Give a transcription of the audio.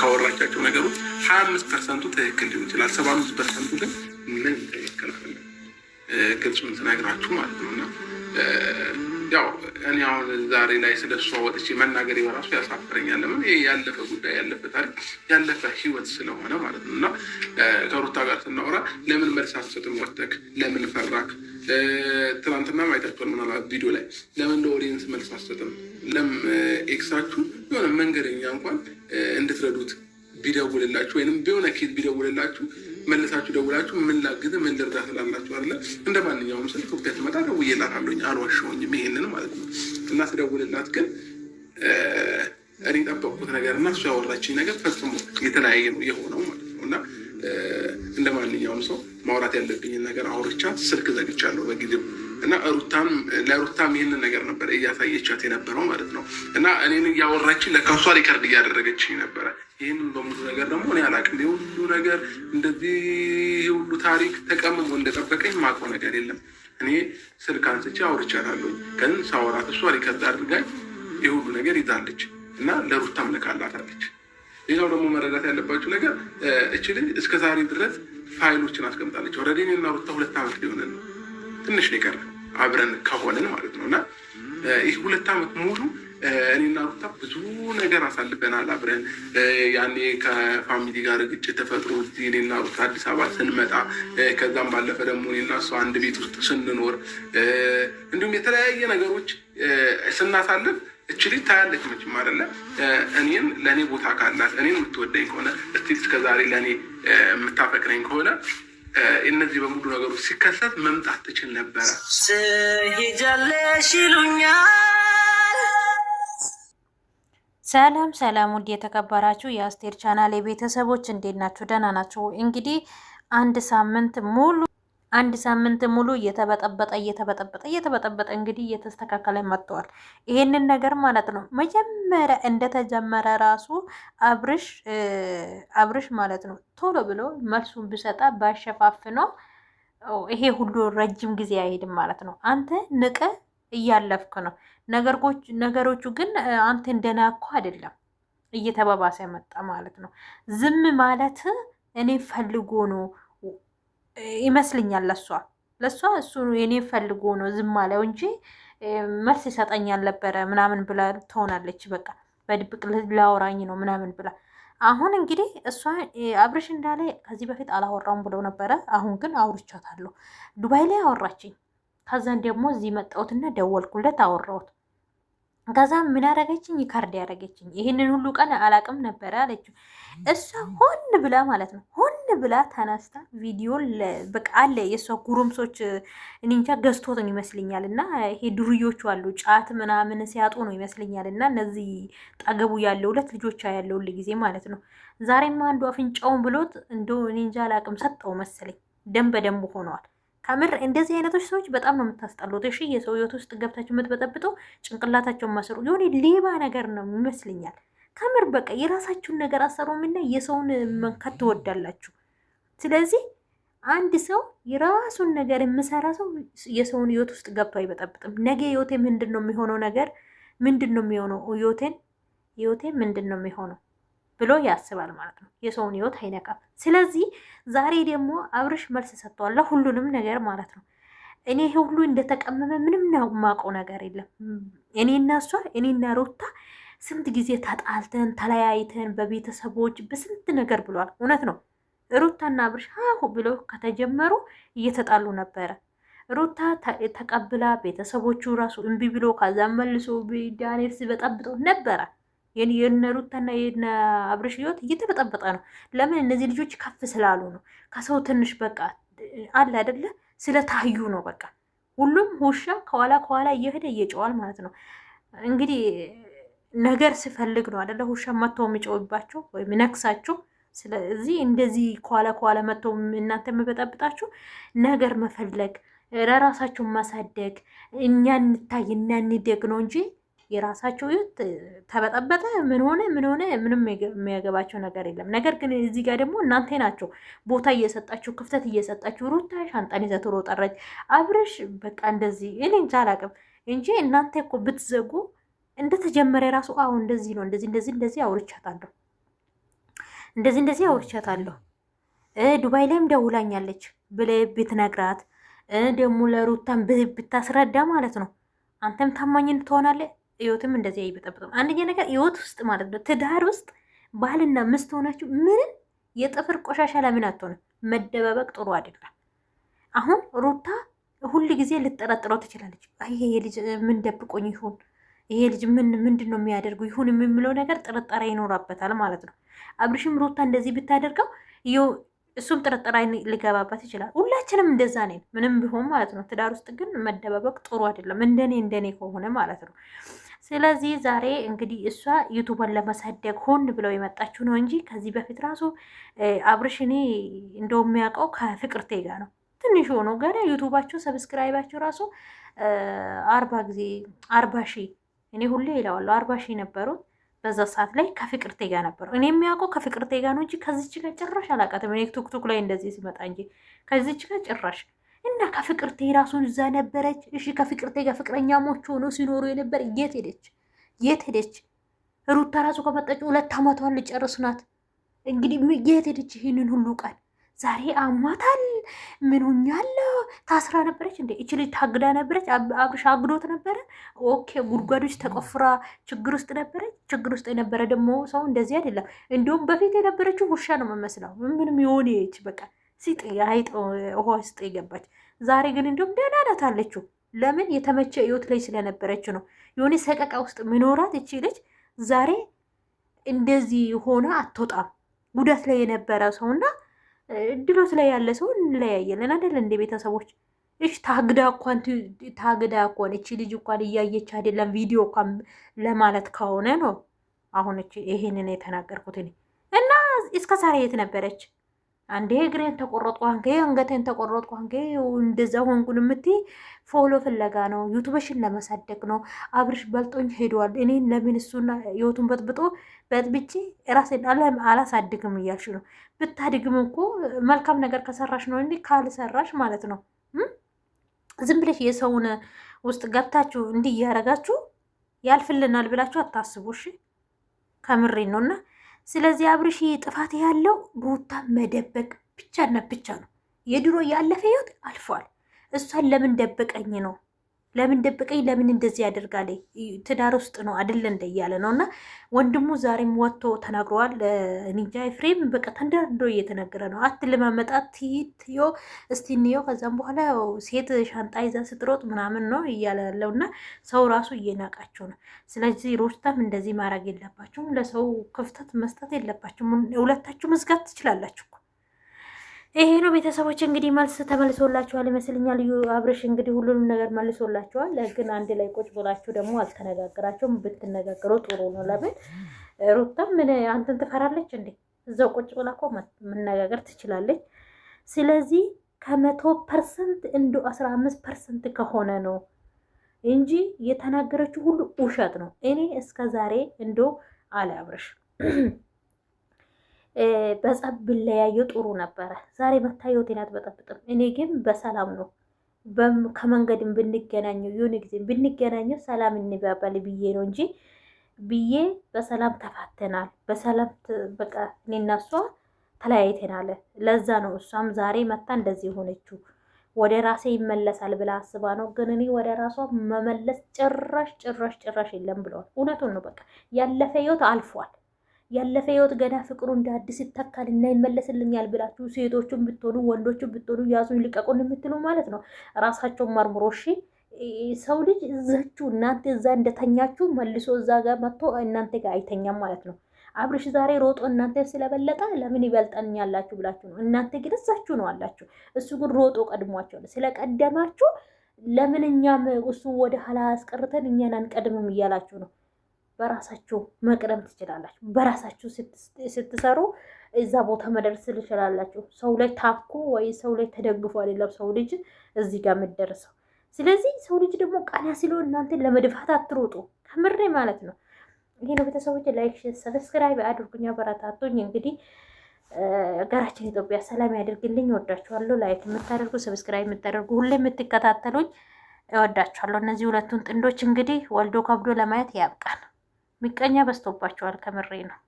ካወራቻቸው ነገሮች ሀያ አምስት ፐርሰንቱ ትክክል ሊሆን ይችላል። ሰባ አምስት ፐርሰንቱ ግን ምን ትክክል አለ ግልጹን ትነግራችሁ ማለት ነው። እና ያው እኔ አሁን ዛሬ ላይ ስለ እሷ ወጥቼ መናገር በራሱ ያሳፍረኛል። ለምን ይሄ ያለፈ ጉዳይ ያለፈ ታሪክ ያለፈ ህይወት ስለሆነ ማለት ነው። እና ከሩታ ጋር ስናወራ ለምን መልስ አትሰጥም? ወተክ ለምን ፈራክ? ትናንትና ማየታችኋል ምናልባት ቪዲዮ ላይ ለምን ለኦዲየንስ መልስ አትሰጥም? ለም ኤክሳችሁ የሆነ መንገደኛ እንኳን እንድትረዱት ቢደውልላችሁ ወይም ቢሆነ ኬት ቢደውልላችሁ መለሳችሁ ደውላችሁ ምን ላግዝ ምን ልርዳ አለ እንደ ማንኛውም ስል ኢትዮጵያ ትመጣ ደውዬላታለሁኝ፣ አልዋሸሁኝም። ይሄንን ማለት ነው እና ስደውልላት ግን እኔ ጠበቁት ነገር እና እሱ ያወራችኝ ነገር ፈጽሞ የተለያየ ነው የሆነው ማለት ነው እና እንደ ማንኛውም ሰው ማውራት ያለብኝን ነገር አውርቻ ስልክ ዘግቻለሁ በጊዜው እና ሩታም ለሩታም ይህንን ነገር ነበር እያሳየቻት የነበረው ማለት ነው። እና እኔን እያወራችን ለካሷ ሪከርድ እያደረገች ነበረ። ይህን በሙሉ ነገር ደግሞ እኔ አላቅም። የሁሉ ነገር እንደዚህ ሁሉ ታሪክ ተቀምሞ እንደጠበቀኝ ማቆ ነገር የለም። እኔ ስልክ አንስቼ አውርቻታለሁ። ግን ሳወራት እሷ ሪከርድ አድርጋኝ የሁሉ ነገር ይዛለች እና ለሩታም ልካላታለች። ሌላው ደግሞ መረዳት ያለባችሁ ነገር እች ልጅ እስከ ዛሬ ድረስ ፋይሎችን አስቀምጣለች። ኦልሬዲ እኔና ሩታ ሁለት ዓመት ሊሆነን ነው። ትንሽ ነው የቀረ አብረን ከሆነን ማለት ነው እና ይህ ሁለት ዓመት ሙሉ እኔና ሩታ ብዙ ነገር አሳልፈናል አብረን። ያኔ ከፋሚሊ ጋር ግጭት ተፈጥሮ እኔና ሩታ አዲስ አበባ ስንመጣ፣ ከዛም ባለፈ ደግሞ እኔና እሱ አንድ ቤት ውስጥ ስንኖር፣ እንዲሁም የተለያየ ነገሮች ስናሳልፍ እችሊ ታያለች መችም አይደለ እኔን ለእኔ ቦታ ካላት እኔን የምትወደኝ ከሆነ እስቲ እስከዛሬ ለእኔ የምታፈቅረኝ ከሆነ እነዚህ በሙሉ ነገሮች ሲከሰት መምጣት ትችል ነበረ። ስሄጃለሽ ይሉኛል። ሰላም ሰላም፣ ውድ የተከበራችሁ የአስቴር ቻናል የቤተሰቦች እንዴት ናችሁ? ደህና ናችሁ? እንግዲህ አንድ ሳምንት ሙሉ አንድ ሳምንት ሙሉ እየተበጠበጠ እየተበጠበጠ እየተበጠበጠ እንግዲህ እየተስተካከለ መጥተዋል። ይሄንን ነገር ማለት ነው መጀመሪያ እንደተጀመረ ራሱ አብርሽ አብርሽ ማለት ነው ቶሎ ብሎ መልሱን ብሰጣ ባሸፋፍ ነው ይሄ ሁሉ ረጅም ጊዜ አይሄድም ማለት ነው። አንተ ንቀ እያለፍክ ነው ነገሮቹ ግን አንተ እንደናኩ አይደለም እየተባባሰ መጣ ማለት ነው። ዝም ማለት እኔ ፈልጎ ነው ይመስልኛል። ለሷ ለእሷ እሱ የኔ ፈልጎ ነው ዝም አለው እንጂ መልስ ይሰጠኛል ነበረ ምናምን ብላ ትሆናለች። በቃ በድብቅ ላወራኝ ነው ምናምን ብላ አሁን እንግዲህ እሷ አብርሽ እንዳለ ከዚህ በፊት አላወራም ብለው ነበረ። አሁን ግን አውርቻታለሁ። ዱባይ ላይ አወራችኝ። ከዛን ደግሞ እዚህ መጣሁትና ደወልኩለት አወራሁት። ከዛ ምን ያደረገችኝ? ካርድ ያደረገችኝ። ይህንን ሁሉ ቀን አላቅም ነበረ አለችው። እሷ ሆን ብላ ማለት ነው ብላ ተነስታ ቪዲዮ በቃ አለ የእሷ ጉሩምሶች እንጃ ገዝቶት ነው ይመስለኛል። እና ይሄ ዱርዮቹ አሉ ጫት ምናምን ሲያጡ ነው ይመስለኛል። እና እነዚህ ጠገቡ ያለ ሁለት ልጆች ያለው ጊዜ ማለት ነው። ዛሬም አንዱ አፍንጫውን ብሎት እንደ እንጃ አላቅም ሰጠው መሰለኝ። ደም በደንብ ሆነዋል። ከምር እንደዚህ አይነቶች ሰዎች በጣም ነው የምታስጠሉት። እሺ የሰው ህይወት ውስጥ ገብታችሁ የምትበጠብጠው ጭንቅላታቸውን ማሰሩ የሆነ ሌባ ነገር ነው ይመስለኛል። ከምር በቃ የራሳችሁን ነገር አሰሩ ምና የሰውን መንካት ትወዳላችሁ። ስለዚህ አንድ ሰው የራሱን ነገር የምሰራ ሰው የሰውን ህይወት ውስጥ ገብቶ አይበጠብጥም። ነገ ህይወቴ ምንድን ነው የሚሆነው ነገር ምንድን ነው የሚሆነው ህይወቴን ህይወቴ ምንድን ነው የሚሆነው ብሎ ያስባል ማለት ነው። የሰውን ህይወት አይነካም። ስለዚህ ዛሬ ደግሞ አብርሽ መልስ ሰጥቷል ሁሉንም ነገር ማለት ነው። እኔ ይሄ ሁሉ እንደተቀመመ ምንም ማውቀው ነገር የለም። እኔና እሷ እኔና ሮታ ስንት ጊዜ ተጣልተን ተለያይተን በቤተሰቦች በስንት ነገር ብሏል። እውነት ነው። ሩታና አብርሽ ሀሁ ብለው ከተጀመሩ እየተጣሉ ነበረ። ሩታ ተቀብላ ቤተሰቦቹ ራሱ እምቢ ብሎ ከዛ መልሶ ዳንኤል ሲበጠብጦ ነበረ። የነ ሩታና የነ አብርሽ ህይወት እየተበጠበጠ ነው። ለምን? እነዚህ ልጆች ከፍ ስላሉ ነው። ከሰው ትንሽ በቃ አለ አይደለ? ስለታዩ ነው። በቃ ሁሉም ውሻ ከኋላ ከኋላ እየሄደ እየጨዋል ማለት ነው እንግዲህ ነገር ሲፈልግ ነው አደለ? ውሻ መጥቶ የሚጨውባቸው ወይም ነክሳቸው ስለዚህ እንደዚህ ኳላ ኳላ መጥተው እናንተ የምበጠብጣችሁ ነገር መፈለግ ለራሳችሁን ማሳደግ እኛ እንታይ እና እንደግ ነው እንጂ የራሳቸው ህይወት ተበጠበጠ፣ ምን ሆነ ምን ሆነ ምንም የሚያገባቸው ነገር የለም። ነገር ግን እዚህ ጋር ደግሞ እናንተ ናቸው ቦታ እየሰጣችሁ ክፍተት እየሰጣችሁ፣ ሩታ ሻንጣን ይዛ ትሮጣለች፣ አብረሽ በቃ እንደዚህ እኔ እንጃ አላቅም እንጂ እናንተ እኮ ብትዘጉ እንደተጀመረ የራሱ አሁን እንደዚህ ነው እንደዚህ እንደዚህ እንደዚህ አውርቻታለሁ እንደዚህ እንደዚህ አውርቻታለሁ፣ ዱባይ ላይም ደውላኛለች ብለህ ብትነግራት ደግሞ ለሩታን ብታስረዳ ማለት ነው አንተም ታማኝ ትሆናለህ። ህይወትም እንደዚህ አይበጠብጥም። አንደኛ ነገር ህይወት ውስጥ ማለት ነው ትዳር ውስጥ ባህልና ምስት ሆናችሁ ምንም የጥፍር ቆሻሻ ለምን አትሆንም? መደባበቅ ጥሩ አይደለም። አሁን ሩታ ሁል ጊዜ ልጠረጥረው ትችላለች። ይሄ የልጅ ምን ደብቆኝ ይሆን ይሄ ልጅ ምን ምንድን ነው የሚያደርገው ይሁን የሚምለው ነገር ጥርጣሬ ይኖራበታል ማለት ነው። አብርሽም ሩታ እንደዚህ ብታደርገው እሱም ጥርጣሬ ሊገባበት ይችላል። ሁላችንም እንደዛ ነን፣ ምንም ቢሆን ማለት ነው። ትዳር ውስጥ ግን መደባበቅ ጥሩ አይደለም፣ እንደኔ እንደኔ ከሆነ ማለት ነው። ስለዚህ ዛሬ እንግዲህ እሷ ዩቱበን ለመሳደግ ሆን ብለው የመጣችው ነው እንጂ ከዚህ በፊት ራሱ አብርሽ እኔ እንደው የሚያውቀው ከፍቅርቴ ጋር ነው ትንሽ ሆኖ ገና ዩቱባቸው ሰብስክራይባቸው ራሱ አርባ ጊዜ አርባ ሺህ እኔ ሁሌ ይለዋለሁ አርባ ሺህ ነበሩት በዛ ሰዓት ላይ ከፍቅርቴ ጋር ነበረው። እኔ የሚያውቀው ከፍቅርቴ ጋር ነው እንጂ ከዚች ጋር ጭራሽ አላውቃትም። እኔ ቱክቱክ ላይ እንደዚህ ሲመጣ እንጂ ከዚች ጋር ጭራሽ እና ከፍቅርቴ ራሱን እዛ ነበረች። እሺ ከፍቅርቴ ጋር ፍቅረኛሞች ሆኖ ሲኖሩ የነበር የት ሄደች? የት ሄደች? ሩታ ራሱ ከመጣች ሁለት ዓመቷን ልጨርስ ናት። እንግዲህ የት ሄደች? ይህንን ሁሉ ቃል ዛሬ አሟታል። ምን ሆኛለሁ? ታስራ ነበረች እንዴ? እች ልጅ ታግዳ ነበረች። አብርሽ አግዶት ነበረ። ኦኬ ጉድጓዶች ተቆፍራ ችግር ውስጥ ነበረች። ችግር ውስጥ የነበረ ደግሞ ሰው እንደዚህ አይደለም። እንዲሁም በፊት የነበረችው ውሻ ነው መመስለው ምንም የሆነች በቃ ሲጥ አይጥ ውሃ ውስጥ የገባች ዛሬ ግን እንዲሁም ደህና ናት አለችው። ለምን የተመቸ ህይወት ላይ ስለነበረች ነው። የሆነ ሰቀቃ ውስጥ ምኖራት እቺ ልጅ ዛሬ እንደዚህ ሆነ አትወጣም። ጉዳት ላይ የነበረ ሰውና ድሎት ላይ ያለ ሰው እንለያየለን አደለ እንደ ቤተሰቦች እሽ ታግዳ እኳን ታግዳ እኳን እቺ ልጅ እኳን እያየች አይደለም ቪዲዮ እኳን ለማለት ከሆነ ነው አሁን ይሄንን የተናገርኩት እኔ እና እስከ ዛሬ የት ነበረች? አንዴ እግሬን ተቆረጥኩ፣ አንዴ አንገቴን ተቆረጥኩ፣ አንዴ እንደዛ ሆንኩን የምትይ ፎሎ ፍለጋ ነው፣ ዩቱበሽን ለመሳደግ ነው። አብርሽ በልጦኝ ሄደዋል። እኔ ለምን እሱና ህይወቱን በጥብጦ በጥብጬ ራሴን አላሳድግም እያልሽ ነው። ብታድግም እኮ መልካም ነገር ከሰራሽ ነው እንዲ ካልሰራሽ ማለት ነው ዝም ብለሽ የሰውን ውስጥ ገብታችሁ እንዲህ እያረጋችሁ ያልፍልናል ብላችሁ አታስቡ። እሺ ከምሬ ነውና ስለዚህ አብርሽ ጥፋት ያለው ሩታ መደበቅ ብቻና ብቻ ነው። የድሮ ያለፈ ህይወት አልፏል። እሷን ለምን ደበቀኝ ነው ለምን ደብቀኝ፣ ለምን እንደዚህ ያደርጋል፣ ትዳር ውስጥ ነው አደለ እንደ እያለ ነው። እና ወንድሙ ዛሬም ወጥቶ ተናግረዋል። ኒንጃ ፍሬም በቃ ተንደርዶ እየተነገረ ነው። አትለማመጣት ትዮ እስቲ እንየው፣ ከዛም በኋላ ሴት ሻንጣ ይዛ ስትሮጥ ምናምን ነው እያለ ያለው እና ሰው ራሱ እየናቃቸው ነው። ስለዚህ ሮስታም እንደዚህ ማድረግ የለባችሁም፣ ለሰው ክፍተት መስጠት የለባችሁም። ሁለታችሁ መዝጋት ትችላላችሁ። ይሄ ነው ቤተሰቦች እንግዲህ መልስ ተመልሶላችኋል ይመስልኛል። አብርሽ እንግዲህ ሁሉንም ነገር መልሶላችኋል። ግን አንድ ላይ ቁጭ ብላችሁ ደግሞ አልተነጋገራችሁም። ብትነጋገሩ ጥሩ ነው። ለምን ሩታም ምን አንተን ትፈራለች እንዴ? እዛው ቁጭ ብላ እኮ መነጋገር ትችላለች። ስለዚህ ከመቶ ፐርሰንት እንዶ አስራ አምስት ፐርሰንት ከሆነ ነው እንጂ የተናገረችው ሁሉ ውሸት ነው። እኔ እስከ ዛሬ እንዶ አለ አብርሽ በጸብ ብለያዩ ጥሩ ነበረ። ዛሬ መታየት አትበጠብጥም። እኔ ግን በሰላም ነው ከመንገድም ብንገናኘው የሆነ ጊዜ ብንገናኘው ሰላም እንባባል ብዬ ነው እንጂ ብዬ በሰላም ተፋተናል። በሰላም በቃ እኔና እሷ ተለያይተናል። ለዛ ነው እሷም ዛሬ መታ እንደዚህ የሆነችው። ወደ ራሴ ይመለሳል ብላ አስባ ነው። ግን እኔ ወደ ራሷ መመለስ ጭራሽ ጭራሽ ጭራሽ የለም ብለዋል። እውነቱን ነው። በቃ ያለፈ ህይወት አልፏል። ያለፈ ህይወት ገና ፍቅሩ እንደ አዲስ ይተካል እና ይመለስልኛል ብላችሁ ሴቶቹን ብትሆኑ ወንዶቹን ብትሆኑ ያዙኝ ልቀቁን የምትሉ ማለት ነው። ራሳቸውን መርምሮ እሺ። ሰው ልጅ እዛችሁ እናንተ እዛ እንደተኛችሁ መልሶ እዛ ጋር መጥቶ እናንተ ጋር አይተኛም ማለት ነው። አብርሽ ዛሬ ሮጦ እናንተ ስለበለጠ ለምን ይበልጠኛላችሁ ብላችሁ ነው። እናንተ ግን እዛችሁ ነው አላችሁ። እሱ ግን ሮጦ ቀድሟቸው ስለቀደማችሁ ለምን እኛም እሱ ወደ ኋላ አስቀርተን እኛን አንቀድምም እያላችሁ ነው። በራሳችሁ መቅደም ትችላላችሁ። በራሳችሁ ስትሰሩ እዛ ቦታ መደረስ ትችላላችሁ። ሰው ላይ ታኮ ወይ ሰው ላይ ተደግፎ አይደለም ሰው ልጅ እዚህ ጋር የምትደርሰው። ስለዚህ ሰው ልጅ ደግሞ ቀና ሲሎ እናንተን ለመድፋት አትሮጡ፣ ከምሬ ማለት ነው። ይሄ ነው ቤተሰቦች። ላይክ፣ ሰብስክራይብ አድርጉኝ፣ አበረታቱኝ። እንግዲህ ሀገራችን ኢትዮጵያ ሰላም ያደርግልኝ። ወዳችኋለሁ። ላይክ የምታደርጉ ሰብስክራይብ የምታደርጉ ሁሌ የምትከታተሉኝ እወዳችኋለሁ። እነዚህ ሁለቱን ጥንዶች እንግዲህ ወልዶ ከብዶ ለማየት ያብቃል። ምቀኛ በዝቶባቸዋል። ከምሬ ነው።